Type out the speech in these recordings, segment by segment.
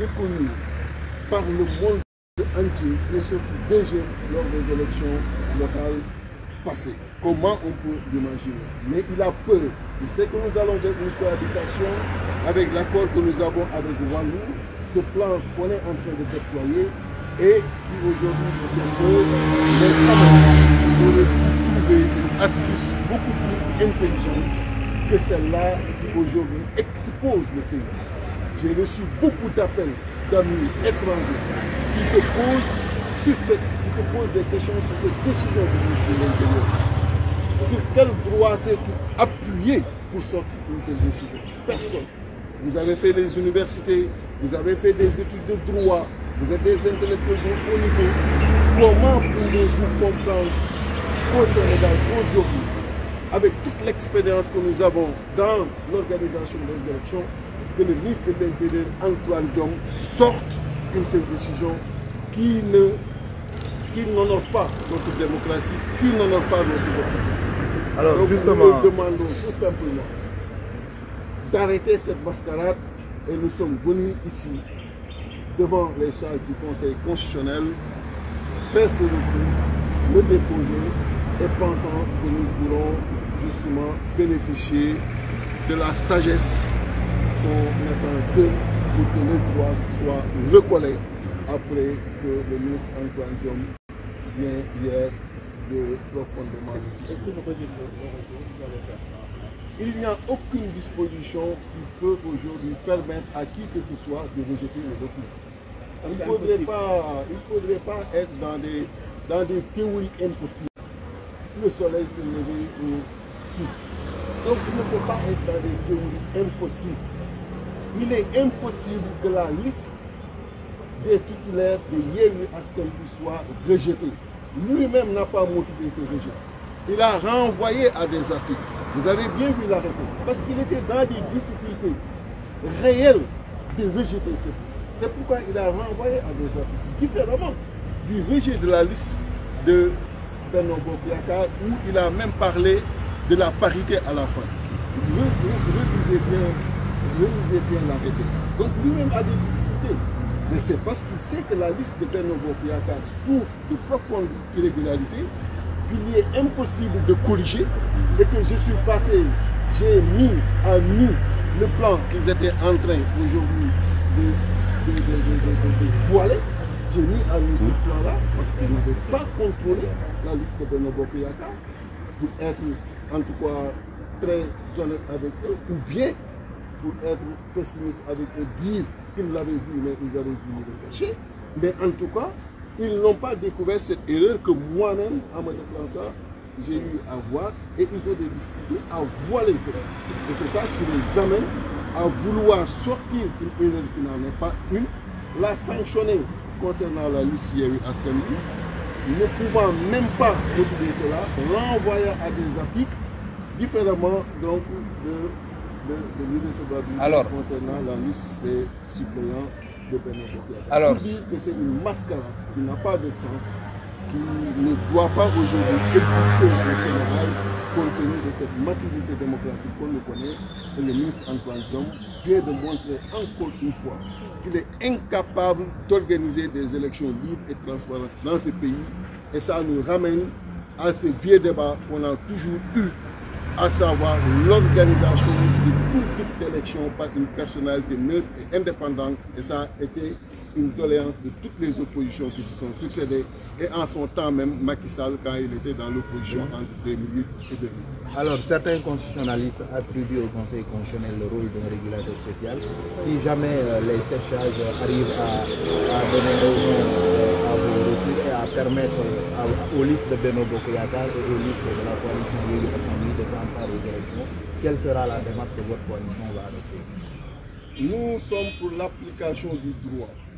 reconnue par le monde entier et surtout DG lors des élections locales passées. Comment on peut l'imaginer Mais il a peur. Il sait que nous allons vers une cohabitation avec l'accord que nous avons avec Wallou, ce plan qu'on en train de déployer et qui aujourd'hui nous impose que celle-là qui aujourd'hui expose le pays. J'ai reçu beaucoup d'appels d'amis étrangers qui se posent sur cette, des questions sur cette décision de l'Intérieur. Sur quel droit c'est appuyé pour sortir une décision Personne. Vous avez fait des universités, vous avez fait des études de droit, vous êtes des intellectuels de haut Comment pouvez-vous comprendre qu'au Sénégal, aujourd'hui, avec toute l'expérience que nous avons dans l'organisation des élections, que le ministre de l'Intérieur, Antoine Diom, sorte une décision qui n'honore pas notre démocratie, qui n'honore pas notre démocratie. Donc, justement, nous demandons tout simplement d'arrêter cette mascarade et nous sommes venus ici devant les charges du Conseil constitutionnel faire le déposer et pensant que nous pourrons justement bénéficier de la sagesse qu'on attend d'eux pour que les droits soient recollés après que le ministre Antoine Diom vient hier de profondément. est Il n'y a aucune disposition qui peut aujourd'hui permettre à qui que ce soit de rejeter le document. Il ne faudrait, pas, être dans des théories impossibles. Le soleil s'est levé au sud. Donc il ne peut pas être dans des théories impossibles. il est impossible que la liste des titulaires de Yéhu Askelou soit rejetée. Lui-même n'a pas motivé rejet. Il a renvoyé à des articles. Vous avez bien vu l'arrêté. Parce qu'il était dans des difficultés réelles de rejeter cette C'est pourquoi il a renvoyé à des articles. Différemment du de la liste de Benobo Piaka, où il a même parlé de la parité à la fin. Vous, vous, vous, vous bien relisez bien l'arrêté. Donc lui-même a des difficultés. Mais c'est parce qu'il sait que la liste de Bernard souffre de profondes irrégularités qu'il lui est impossible de corriger et que je suis passé, j'ai mis à nu le plan qu'ils étaient de, de, plan parce qu'ils n'avaient pas contrôlé la liste de Bernard pour être en tout cas très honnête avec eux pour être avec et dire qu'ils l'avaient vu, mais ils avaient vu le cacher. Mais en tout cas, ils n'ont pas découvert cette erreur que moi-même, en me déplaçant, j'ai eu à et ils ont des à voir les Et c'est ça qui les amène à vouloir sortir d'une erreur qui n'en pas une, la sanctionner concernant la liste Yéhu Askani, donc de de, de alors, concernant la liste des suppléants de Alors, il dit que c'est une mascarade qui n'a pas de sens, qui ne doit pas aujourd'hui exister au Sénégal de cette maturité démocratique qu'on le connaît. Et le ministre Antoine Diom vient de montrer encore une fois qu'il est incapable d'organiser des élections libres et transparentes dans ce pays. Et ça nous ramène à ces vieux débats qu'on a toujours eu, à pour toute élection par une personnalité neutre et indépendante. Et ça a été une doléance de toutes les oppositions qui se sont succédées et en son temps même Macky quand il était dans l'opposition entre et Alors certains constitutionnalistes attribuent au Conseil constitutionnel le rôle d'un régulateur social. Si jamais euh, les séchages arrivent à, donner raison euh, à euh, de Beno Bokoyakar et de la coalition quelle sera la démarche que votre coalition va adopter Nous sommes pour l'application du droit.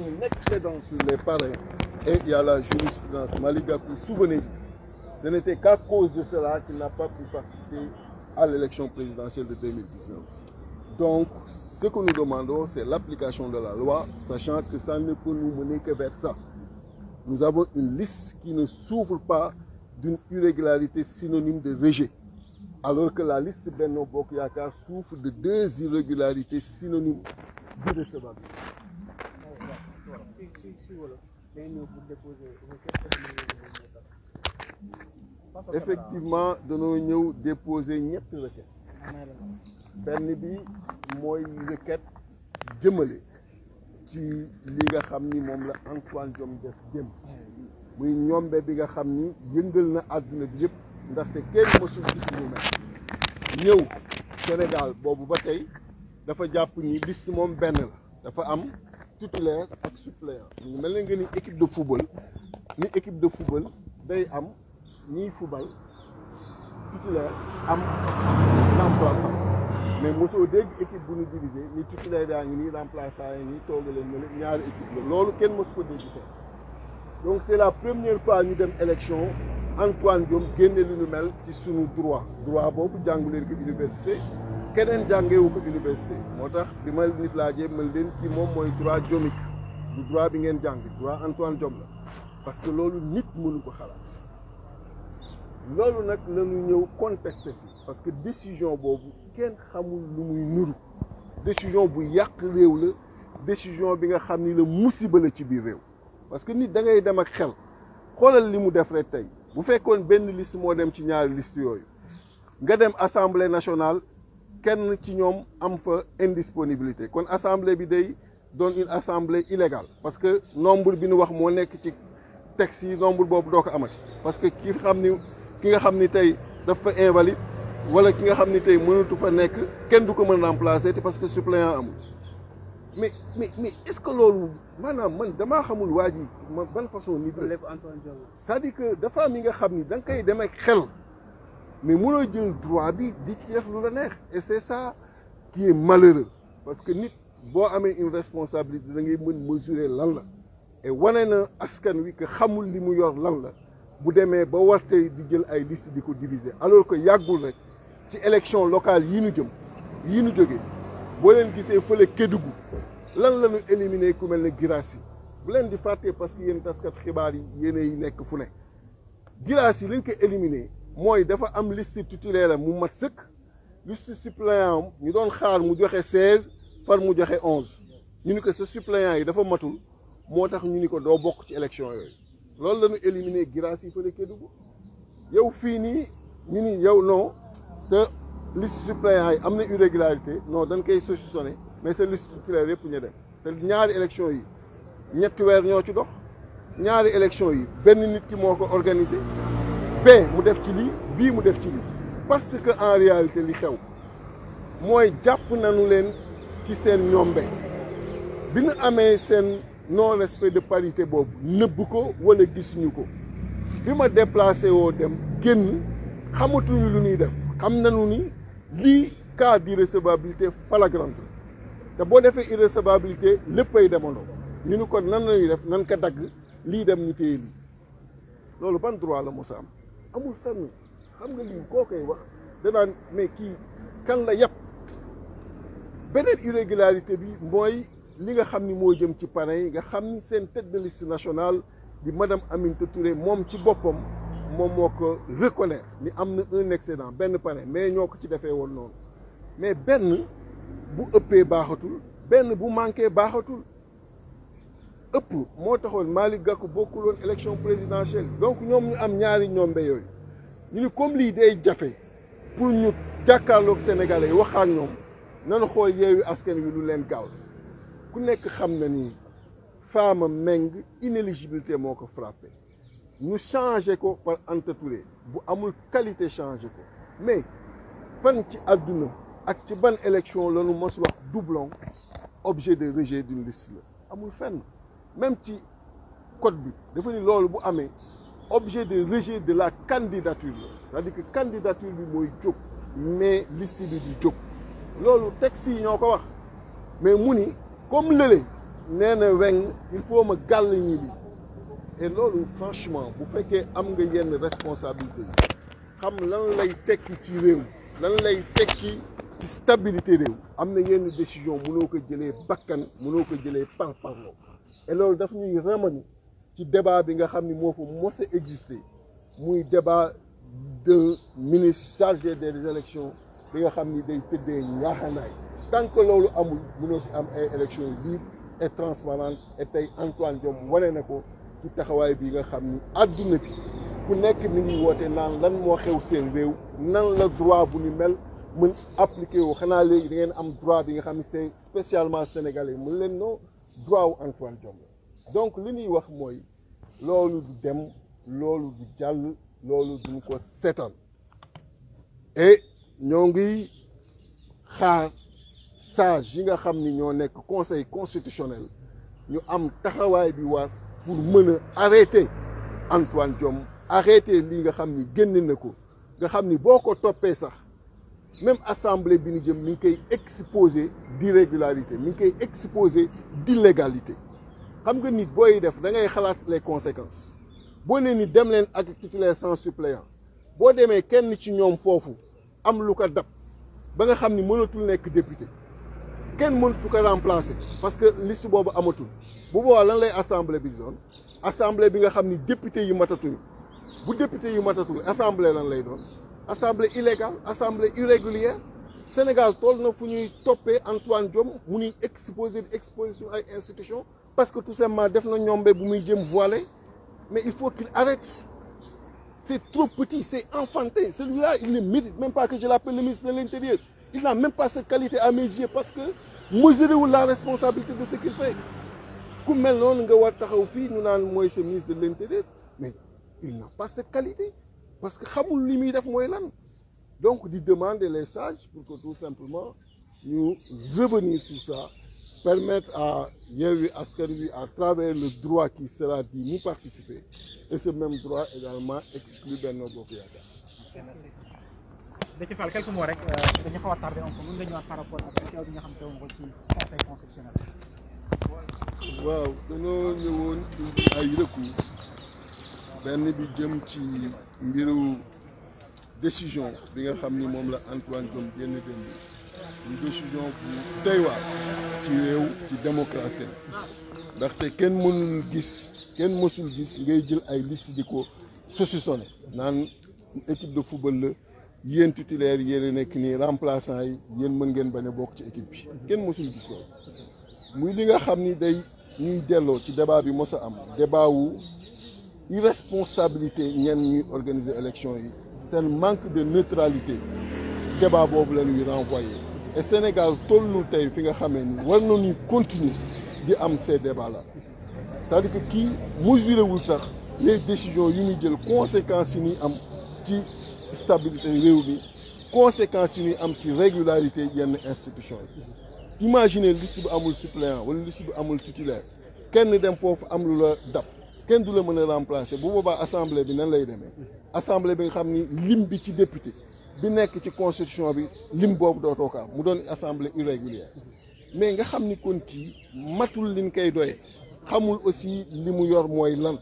un excédent sur les parrains et a la jurisprudence Maligakou. Souvenez-vous, ce n'était qu'à cause de cela qu'il n'a pas pu participer à Donc, ce que nous demandons, c'est de la loi, sachant que ça ne peut nous mener que vers ça. Nous avons une liste la liste Benno Bokyakar souffre de deux si si si wolof effectivement danoo ñëw déposer ñetti requête benn bi mooy requête jëmale ci li nga xam ni moom la Antoine Diome def jëm muy ñombe bi nga xam ni yëngal na àdduna bi yëpp ndaxte kenn mësul gis lu mel ñëw Sénégal boobu ba tey dafa jàpp ni liste moom benn la dafa am titulaire ak suppléant mel na nga ni équipe de football ni équipe de football day am ni football titulaire am remplaçant mais mosoo dégg équipe bu ñu divisé ni titulaire yaa ngi nii remplaçant yi nii tooga leen mën ñaari équipe la loolu kenn mosu ko dégg fa donc c'est la première fois ñu dem élection Antoine Diome génne lu ñu mel ci sunu droit droit boobu jàngu leen ko université keneen jàngewu ko université moo tax bi ma nit laajee ma leen ci moom mooy droit jomique du droit bi ngeen jàng droit Antoine Diome la parce que loolu nit mënu ko xalaat loolu nag la ñëw contesté si parce que décision boobu kenn xamul lu muy nuru décision bu yàq réew la décision bi nga xam ni la musiba la ci biir réew parce que nit da ngay dem ak xel xoolal li mu def rek tey bu fekkoon benn list moo dem ci ñaari liste yooyu nga dem assemblée nationale kenn ci ñoom am fa indisponibilité kon assemblée bi day doon une assemblée illégale parce que nombre bi nu wax moo nekk ci texte yi nombre boobu doo ko amati parce que ki xam ni ki nga xam ni tey dafa invalide wala ki nga xam ni tey mënatu fa nekk kenn du ko mën remplacer te parce que suppléant amul mais mais mais est-ce que loolu maanaam man damaa xamul waa ji ma ban façon nit la c'est-à-dire que dafa am yi nga xam ni da nga koy dem ak xel mais mënoo jël droit bi di ci def lu la neex et c'est ça qui est malheureux parce que nit boo amee une responsabilité da ngay mën mesurer lan la et wane na askan wi que xamul li mu yor lan la bu demee ba warte di jël ay liste di ko diviser alors que yàggul rek ci élection locale yi ñu jëm yi ñu jógee boo leen gisee fële Kédougou lan la ñu éliminer ku mel ne Guirassy bu leen di fàtte parce que yéen taskat xibaar yi yéen yi nekk fu ne Guirassy lañ ko éliminer mooy dafa am liste titulaire mu mat sëkk liste suppléant ñu doon xaar mu joxe seize far mu joxe onze ñu ni ko sa suppléant yi dafa matul moo tax ñu ni ko doo bokk ci élection yooyu loolu la ñu éliminer grâce yi fële Kédougou yow fii nii ñu ni yow noo sa liste suppléant yi am na irrégularité non dañ koy saucissonné mais sa liste titulaire yëpp ñu dem te ñaari élection yi ñetti weer ñoo ci dox ñaari élection yi benn nit ki moo ko organisé bee mu def ci lii bii mu def ci lii parce que en réalité li xew mooy jàpp nañu leen ci seen ñombe bi nu amee seen non respect de parité boobu nëbb ko wala gisuñu ko bi ma déplacé woo dem génn xamatuñu lu ñuy def xam nañu ni lii cas d'irrecevabilité flagrante te boo defee irrecevabilité léppay demandoo ñu ni kon nan lañuy def nan ko dagg lii dem ñu téye loolu ban droit la mos a am amul fenn xam nga lii koo koy wax danaan mais kii kan la yàpp beneen irrégularité bi mooy li nga xam ni moo jëm ci panel yi nga xam ni seen tête de liste nationale di madame Aminata Touré moom ci boppam moom moo ko reconnaître ni am na un excédent benn panel mais ñoo ko ci defee woon noonu mais benn bu ëppee baaxatul benn bu manqué baaxatul ëpp moo taxoon Malick Gakou bokkul woon élection présidentielle donc ñoom ñu am ñaari ñoom be yooyu ñu ni comme lii day jafe pour ñu jàkkaarloog sénégalais yi wax ak ñoom nanu xool yeewu askan wi lu leen gaaw ku nekk xam na ni Fama Meng inéligibilité moo ko frappé ñu changé ko par Anta bu amul qualité changé ko mais fan ci àdduna ak ci ban élection lanu mos wax doublon objet de rejet d'une liste la amul fenn même ci code bi dafa ni loolu bu amee objet de rejet de la candidature la c'est-à-dire que candidature bi mooy jóg mais liste bi du jóg loolu texte si ñoo ko wax mais mu ni comme lële nee na weng il faut ma gàll ñi bi et loolu franchement bu fekkee am nga yenn responsabilité yi xam lan lay tekki ci réew lan lay tekki ci stabilité réew am na yenn décision mënoo ko jëlee bakkan mënoo ko jëlee par parloo et loolu daf ñuy ramani ci débat bi nga xam ni moo fa mos a existé muy débat de ministre chargé des élections bi nga xam ni day tëddee ñaaxanaay tant que loolu amul mënoo fi am ay élections libres et transparentes et tey Antoine Diome wane na ko ci taxawaay bi nga xam ni àdduna bi ku nekk mi ngi woote naan lan moo xew seen réew nan la droit bu ni mel mën appliqué wu xanaa léegi da ngeen am droit bi nga xam ni c'est spécialement sénégalais mun leen non droit wu Antoine Diome donc li ñuy wax mooy loolu du dem loolu du jàll loolu duñu ko setal et ñoo ngi xaar sage yi nga xam ni ñoo nekk conseil constitutionnel ñu am taxawaay bi war pour mën a arrêter Antoine Diome arrêter lii nga xam ni génne na ko nga xam ni boo ko toppee sax même assemblée bi ñu jëm mi ngi koy exposé d'irrégularité mi ngi koy exposé d'illégalité xam nga nit booy def da ngay xalaat les conséquences boo nee ni dem leen ak titulaire sans suppléant boo demee kenn ci ñoom foofu am lu ko dab ba nga xam ni mënatul nekk député kenn mënatu ko remplacer parce que liste boobu amatul bu boobaa lan lay assemblée bi doon assemblée bi nga xam ni député yi matatuñu bu député yi matatuñu assemblée lan lay doon. assemblée illégale assemblée irrégulière Sénégal tool na fu ñuy toppee Antoine Diome mu ñuy exposé exposition ay institution parce que tout simplement def na ñombe bu muy jëm voilé mais il faut qu'il arrête c'est trop petit c'est enfantin celui-là il ne mérite même pas que je l'appelle le ministre de l'intérieur il n'a même pas cette qualité à mes yeux parce que mesurewul la responsabilité de ce qu'il fait ku nga war taxaw fii ñu naan mooy ce ministre de mais il n'a pas cette qualité parce que xamul li muy def mooy lan donc di demande les sages pour que tout simplement ñu revenir sur ça permettre à Yewwi Askan Wi à travers le droit qui sera dit mu participer et ce même droit également exclut Benno Bokk Yaakaar. merci Déthié Fall quelques mots rek euh, dañu xaw a tardé un peu mën nga ñëwaat par rapport ak yow bi nga xam te woon ko ci conseil constitutionnel. waaw dañoo ñëwoon ay recours benn bi jëm ci. mbiru décision bi nga xam ni moom la Antoine Diome génn démb ñu ci réew ndaxte kenn mënul gis kenn mësul gis ngay jël ay liste di ko saucissonné naan équipe de football la yéen titulaire yéen a nekk nii remplaçant yi yéen mën ngeen bañ a bokk ci équipe bi kenn mësul li nga xam ni day ñuy delloo ci débat bi mos am débat irresponsabilité ñenn ñuy organiser élection yi seen manque de neutralité débat boobu la ñuy renvoyé et Sénégal tollul tey fi nga xamee ni war na nañu continuer di am ces débats là sa à dire que kii mesuré wul sax les décisions yu muy jël conséquences yi ñuy am ci stabilité réew bi conséquences yi am ci régularité yenn institution yi imaginez liste bu amul suppléant wala liste bi amul titulaire kenn dem foofu am lu la dab kenn du la mën a remplacer bu boobaa assemblée bi nan lay demee assemblée bi nga xam ni lim bi ci député bi nekk ci constitution bi lim boobu dootoo ko am mu doon assemblée irrégulière mais nga xam ni kon kii matul liñ koy doye xamul aussi li mu yor mooy lan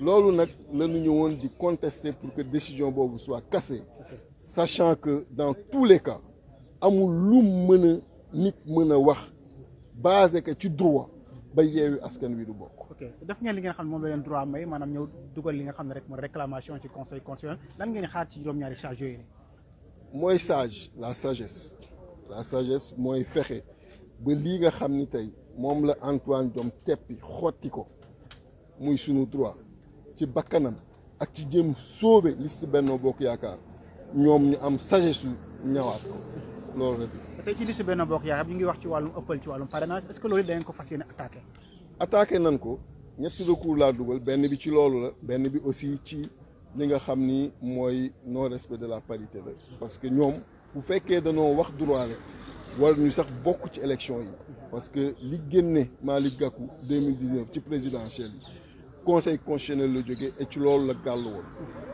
loolu nag lañu ñëwoon di contester pour que décision boobu soit cassée sachant que dans tous les cas amul lu mën a nit mën a wax base ko ci droit ba yeewu askan wi du bokk ok def ngeen li ngeen xam ne moom la leen droit may maanaam ñëw dugal li nga xam ne rek mooy réclamation ci conseil constitutionnel lan ngeen xaar ci juróom-ñaari charge yooyu ne mooy sage mooy fexe ba lii nga xam ni tey moom la Antoine Diome teppi xotti ko muy sunu droit ci bakkanam ak ci jëm sóobe liste Benno Bokk Yaakaar ñoom ñu am sagesse su ñawaat ko loolu rek. tey ci liste Benno Bokk Yaakaar ñu ngi wax ci wàllum ëppal ci wàllum parrainage est-ce que loolu da ngeen ko fas yéene attaqué. attaqué nañ ko ñetti recours laa dugal benn bi ci loolu la benn bi aussi ci li nga xam ni mooy non respect de la parité la parce que ñoom bu fekkee dañoo wax droit la war ñu sax bokk ci élection yi parce que li génne Malick Gakou 2019 ci présidentielle yi conseil constitutionnel la jóge et ci loolu la gàll woon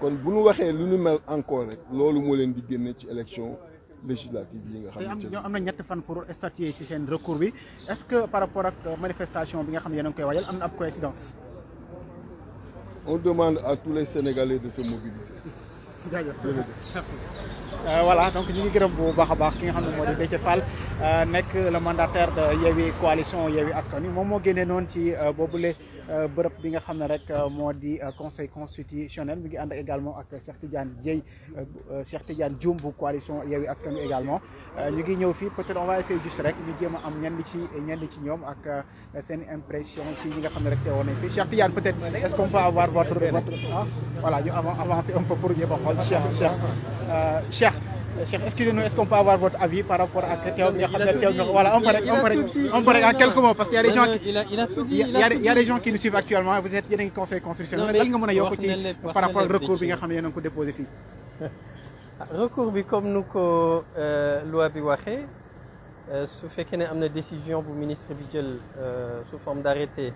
kon bu ñu waxee lu ñu mel encore rek loolu moo leen di génne ci élection législative yi nga xam ne am na ñetti fan pour statuer ci seen recours bi est-ce que par rapport euh, manifestation bi nga xam ne yéen a ngi koy waajal am na ab coïncidence on demande à tous les Sénégalais de se mobiliser jaajëf merci euh, voilà donc ñu ngi gërëm bu baax a baax ki nga xam ne moo di Déthié Fall euh, nekk le mandataire de Yewwi coalition Yewwi Askan Wi moom moo génnee noonu ci boobu le Euh, bërëb bi nga xam ne rek euh, moo di euh, conseil constitutionnel mi ngi ànd également ak Cheikh Tidiane Dieye Cheikh Tidiane Dioum bu coalition Yewwi ak Wi également ñu ngi ñëw fii peut-être on va rek ñu jéem a am ñenn ci ñenn ci ñoom ak seen impression ci ñi nga xam ne rek teewoon nañ fii Cheikh Tidiane peut-être est-ce qu'on peut avoir votre votre ah, voilà ñu avancer un peu pour ñëpp a xool Cheikh Cheikh Cheikh Cheikh, excusez-nous, est-ce qu'on peut avoir votre avis par rapport à Théo Voilà, on peut en quelques mots, parce qu'il y a des gens qui, il y a des gens qui nous suivent actuellement, vous êtes bien conseil constitutionnel. Lan nga mën a yokk ci par rapport ak recours bi nga xam ne yéen a ko déposé fii. Ah, recours bi comme nu ko euh, loi bi waxee euh, su fekkee ne am na décision bu ministre bi jël euh, sous forme d'arrêté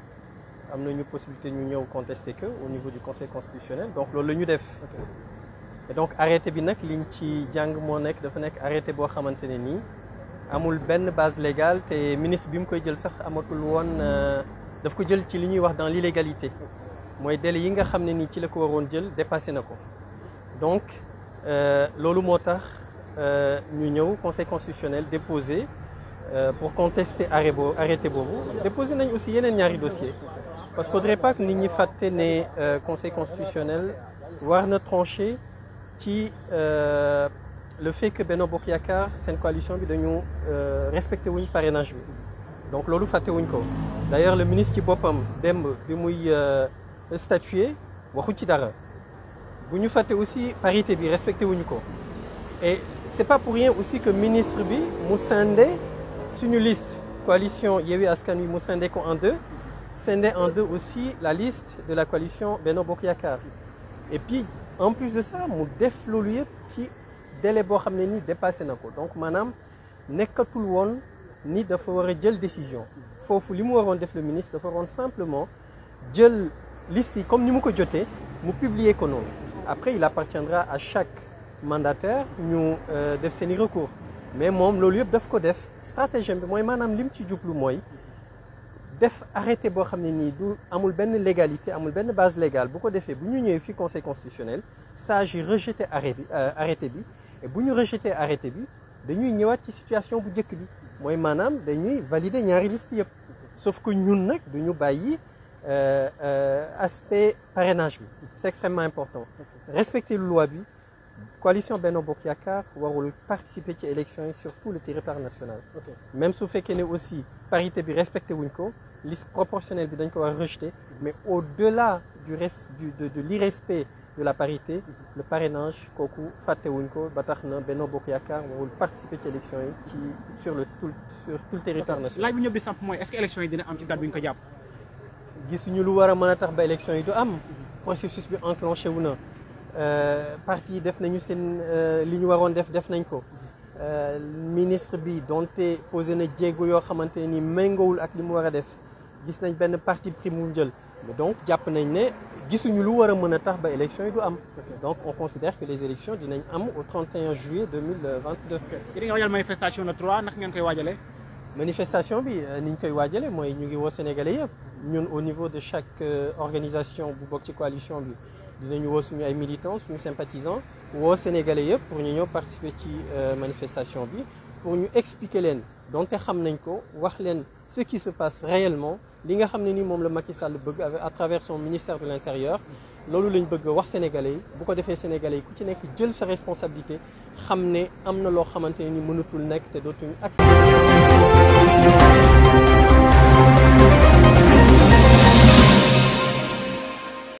am nañu possibilité ñu ñëw contester que au niveau du conseil constitutionnel donc loolu la ñu def. donc arrêté bi nag liñ ci jàng moo nekk dafa nekk arrêté boo xamante ne nii amul benn base légal te ministre bi mu koy jël sax amatul woon euh, daf ko jël ci li ñuy wax dans l'illégalité mooy délai yi nga xam ne nii ci la ko waroon jël dépassé na ko donc euh, loolu moo tax euh, ñu ñëw conseil constitutionnel déposé euh, pour contester arrêt boobu arrêté boobu déposé nañ aussi yeneen ñaari dossier parce que faudrait pas nit ñi fàtte ne conseil constitutionnel war na trancher ci euh, le fait que Benno Bokk Yaakaar seen coalition bi dañu euh, respecté wuñ parrainage bi donc loolu fàtte wuñ ko d'ailleurs le ministre ci boppam démb bi muy euh, statuer waxu ci dara bu ñu fàtte aussi parité bi respecté wuñu ko et c'est pas pour rien aussi que ministre bi mu scindé suñu liste coalition Yewwi Askan Wi mu scindé ko en deux scindé en deux aussi la liste de la coalition Benno Bokk Yaakaar et puis en plus de ça mu def loolu yëpp ci délai boo xam ne ni dépassé na ko donc maanaam nekkatul woon ni dafa war a jël décision foofu li mu waroon def le ministre dafa waroon simplement jël liste yi comme ni mu ko jotee mu publier ko noonu après il appartiendra à chaque mandataire ñu euh, def seeni recours mais moom loolu yëpp daf ko def stratagème bi mooy maanaam lim ci jublu mooy def arrêté boo xam ne nii du amul benn légalité amul benn base légale bu ko defee bu ñu ñëwee fii conseil constitutionnel sage yi rejeté arrêt bi euh, arrêté bi bu ñu rejeté arrêté bi dañuy ñëwaat ci situation bu njëkk bi mooy maanaam dañuy valider ñaari liste yëpp sauf que ñun nag du ñu bàyyi euh, euh, aspect parrainage bi c'est extrêmement important respecter loi bi coalition Benno Bokk Yaakaar warul participer ci élection yi sur tout le territoire national même su fekkee ne aussi parité bi respecté wuñ ko liste proportionnelle bi dañ ko war rejeter mais au-delà du reste du de de l'irrespect de la parité le parrainage kooku fàtte wuñ ko ba tax na Benno Bokk Yaakaar warul participer ci élection yi ci sur le tout sur tout le territoire national. laaj bi mooy est yi dina am ci date bi ñu ko jàpp. gisuñu lu war a mën a tax ba élection yi du am processus bi enclenché wu na. Euh, parti def nañu seen euh, li ñu waroon def def nañ ko euh, ministre bi donte posé na jéego yoo xamante ni méngowul ak li mu war a def gis nañ benn parti pris mu jël donc jàpp nañ ne gisuñu lu war a mën a tax ba élection yi du am donc on considère que les élections dinañ am au 31 juillet 2022 yéen a ngi waajal manifestation le 3 naka ngeen koy waajale manifestation bi ni ñu koy waajale mooy ñu ngi woo sénégalais yëpp ñun au niveau de chaque organisation bu bokk ci coalition bi dinañu woo suñu ay militants suñu sympathisants woo sénégalais yëpp pour ñu ñëw participer ci euh, manifestation bi pour ñu expliquer leen donte xam nañ ko wax leen ce qui se passe réellement li nga xam ne ni moom la Macky Sall bëgg à travers son ministère de l'intérieur loolu lañ bëgg wax sénégalais yi bu ko defee sénégalais yi ku ci nekk jël sa responsabilité xam ne am na loo xamante ne ni mënatul nekk te dootuñu accès